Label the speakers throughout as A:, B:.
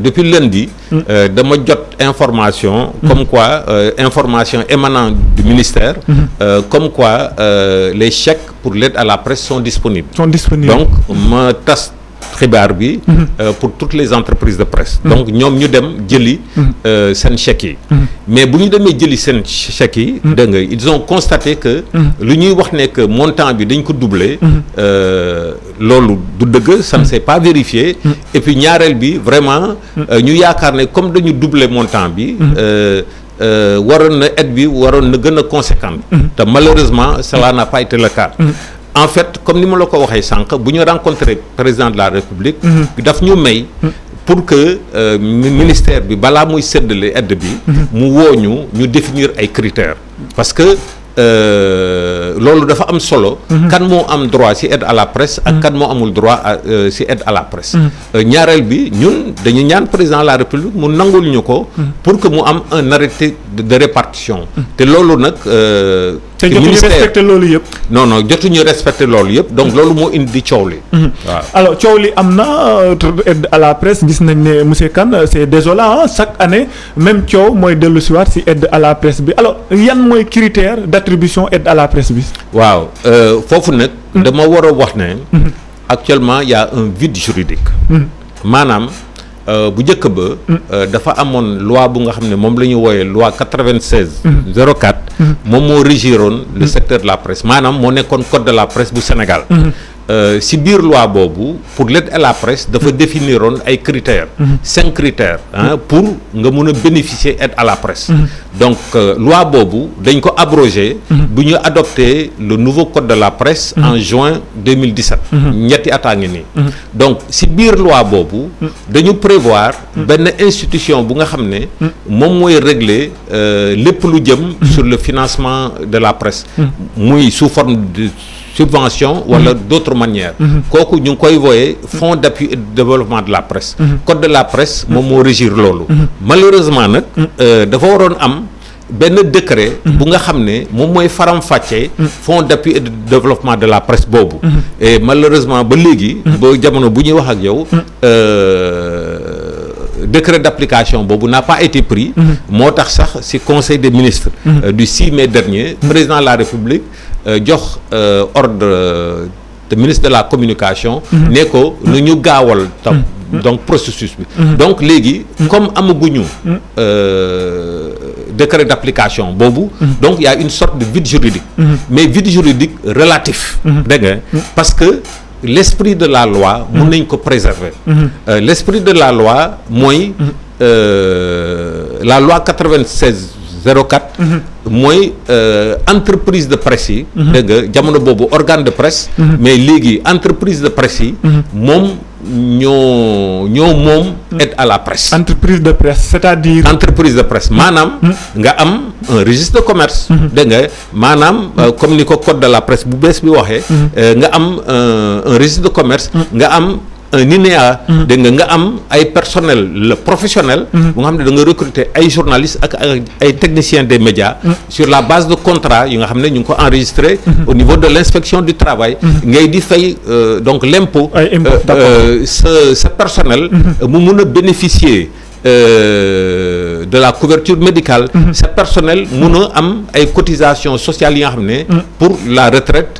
A: depuis lundi euh, dama jot information comme quoi euh, information émanant du ministère mhm. euh, comme quoi euh, les chèques pour l'aide à la presse sont disponibles sont disponibles donc ma tas très bi mhm. euh, pour toutes les entreprises de presse mhm. donc ñoom ñu dem jëli mhm. euh, seen mais bu ñu jëli seen chèque ils ont constaté que lu ñuy que montant bi dañ doublé euh, du ça ne s'est pas vérifié et puis bi vraiment ñu comme montant bi aide bi malheureusement cela n'a pas été le cas en fait comme je l'ai dit, ko nous rencontrons le président de la république. Mhm. daf ñu may. Mhm. pour que euh, ministère bi bala muy de aide bi. Mhm. définir ay critères parce que. Euh, lolu dafa am solo. kan mo am droit ci aide à la presse. ak kan mo amul droit euh, ci aide à la presse. Euh, ñaarel bi ñun dañu ñaan président de la république mu nangul ñuko pour que mu am un arrêté de répartition. te loolu non non ñu respecté loolu yépp donc loolu mo indi coow mhm. alors ciowli amna aide à la presse gis nañ ne monsieur Kane euh, c'est désolant hein. chaque année même ciow moy de le soir si aide à la presse bi alors yan moy critère d'attribution aide à la presse bi. waaw euh, fofu nak mhm. dama wara wax mhm. actuellement y' a un vide juridique. manam Euh, bu njëkk ba. Euh, dafa amoon loi bu nga xam ne moom la ñu wooyee loi quatre-vingt-seize. Mm. zéro quatre. Mm. moom moo régiroon le mm. secteur de la presse maanaam moo nekkoon code de la presse bu Sénégal. Euh, si bir loi pour l'aide à la presse dafa mm-hmm. définiront ay critères mm-hmm. cinq critères hein, mm-hmm. pour nga bénéficier aide à la presse donc euh, loi bobu dañ ko abrogé bu le nouveau code de la presse en juin 2017 ñetti pas donc si bir loi de dañu prévoir ben institution bu nga xamné mom régler euh, les sur le financement de la presse muy sous forme de subvention wala d'autres manières kooku ñu nous koy fonds d'appui et de développement de la presse code de la presse c'est ce régir loolu malheureusement nous euh, dafa waroon am benn décret bu nga xam ne moom faram fonds d'appui et de développement de la presse et malheureusement ba léegi ba jamono bu ñuy wax ak yow euh, décret d'application Bobu n'a pas été pris mhm. moo conseil des ministres mhm. euh, du 6 mai dernier mhm. président de la république euh, jox euh, ordre ministre de la communication n'est ko donc processus donc léegi comme amaguñu décret d'application Bobu, donc il y a une sorte de vide juridique mais vide juridique relatif parce que l'esprit de la loi on n'est préserver mhm. Mhm. Euh, l'esprit de la loi mhm. euh, la loi 96 04 euh, entreprise de presse de, organe de presse mais ligue, entreprise de presse ñoo ñoo moom aide à la presse. entreprise de presse c'est-à-dire. entreprise de presse maanaam. Mm. nga am un registre de commerce. Mm-hmm. dégg maanaam euh, mm-hmm. comme ni ko code de la presse bu bees bi waxee. Mm-hmm. Euh, nga am un registre de commerce. nga am. un INEA. Mhm. de nga am personnel le professionnel. Mhm. nga un da nga journalistes ak ay techniciens des médias. Mhm. sur la base de contrat yi nga enregistré. au niveau de l'inspection du travail. ngay di fay euh, donc l'impôt euh, ce euh, ce personnel. mu meuna bénéficier. de la couverture médicale ce personnel nous a am ay cotisations sociales pour la retraite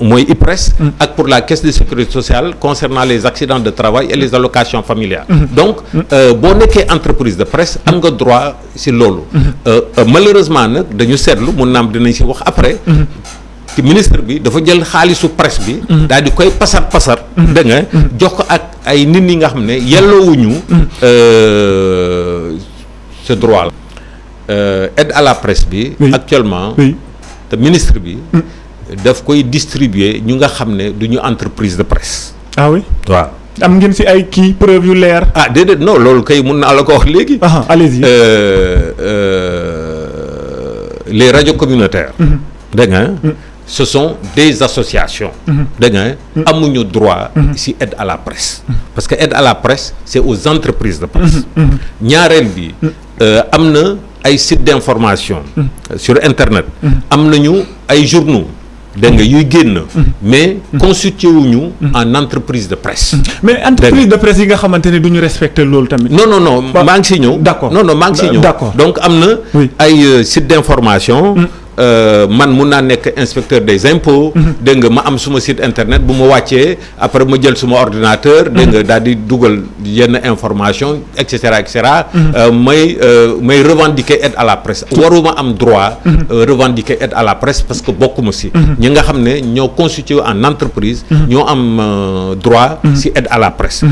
A: mooy IPRES mm. ak pour la caisse de sécurité sociale concernant les accidents de travail et les mm. allocations familiales mm. donc euh, boo nekkee entreprise de presse am nga droit ci loolu euh, euh, malheureusement de nous seetlu mon nom dinañ ci après le ministre bi dafa jël xaalisu presse bi dal di koy passer passer de nga jox ko ak ay nit ñi nga euh ce droit euh aide à la presse bi actuellement le ministre bi daf koy distribuer ñu nga xamné duñu entreprise de presse. ah oui waaw. am ngeen ci ay ki preuve yu leer. ah déedéet non loolu kay mën na la ko wax ah, allez-y euh, euh, les radios communautaires. Mm-hmm. dégg hein? mm-hmm. ce sont des associations. Mm-hmm. dégg amu hein? amuñu droit. si aide à la presse. parce que aide à la presse c'est aux entreprises de presse. ñaareel bi euh, am na ay sites d'information. sur internet. am nañu ay journaux dégg nga yuy génn. Mm-hmm. mais constitué en entreprise de presse. Mm-hmm. mais entreprise de presse yi nga xamante ne du ñu non non non maa ngi si non non maa d'accord donc am à ay euh, site d'information mm-hmm. Euh, man mun naa nekk inspecteur des impôts. Mhm. dégg nga ma am suma site internet bu ma wàccee après ma jël suma ordinateur. dégg nga mhm. daal di dugal yenn information et cetera et cetera. Mhm. Euh, may euh, may revendiquer aide à la presse. waruma am droit. revendiquer aide à la presse parce que bokkuma si. ñi nga xam ne ñoo constitué en entreprise. ñoo am droit. si aide à la presse.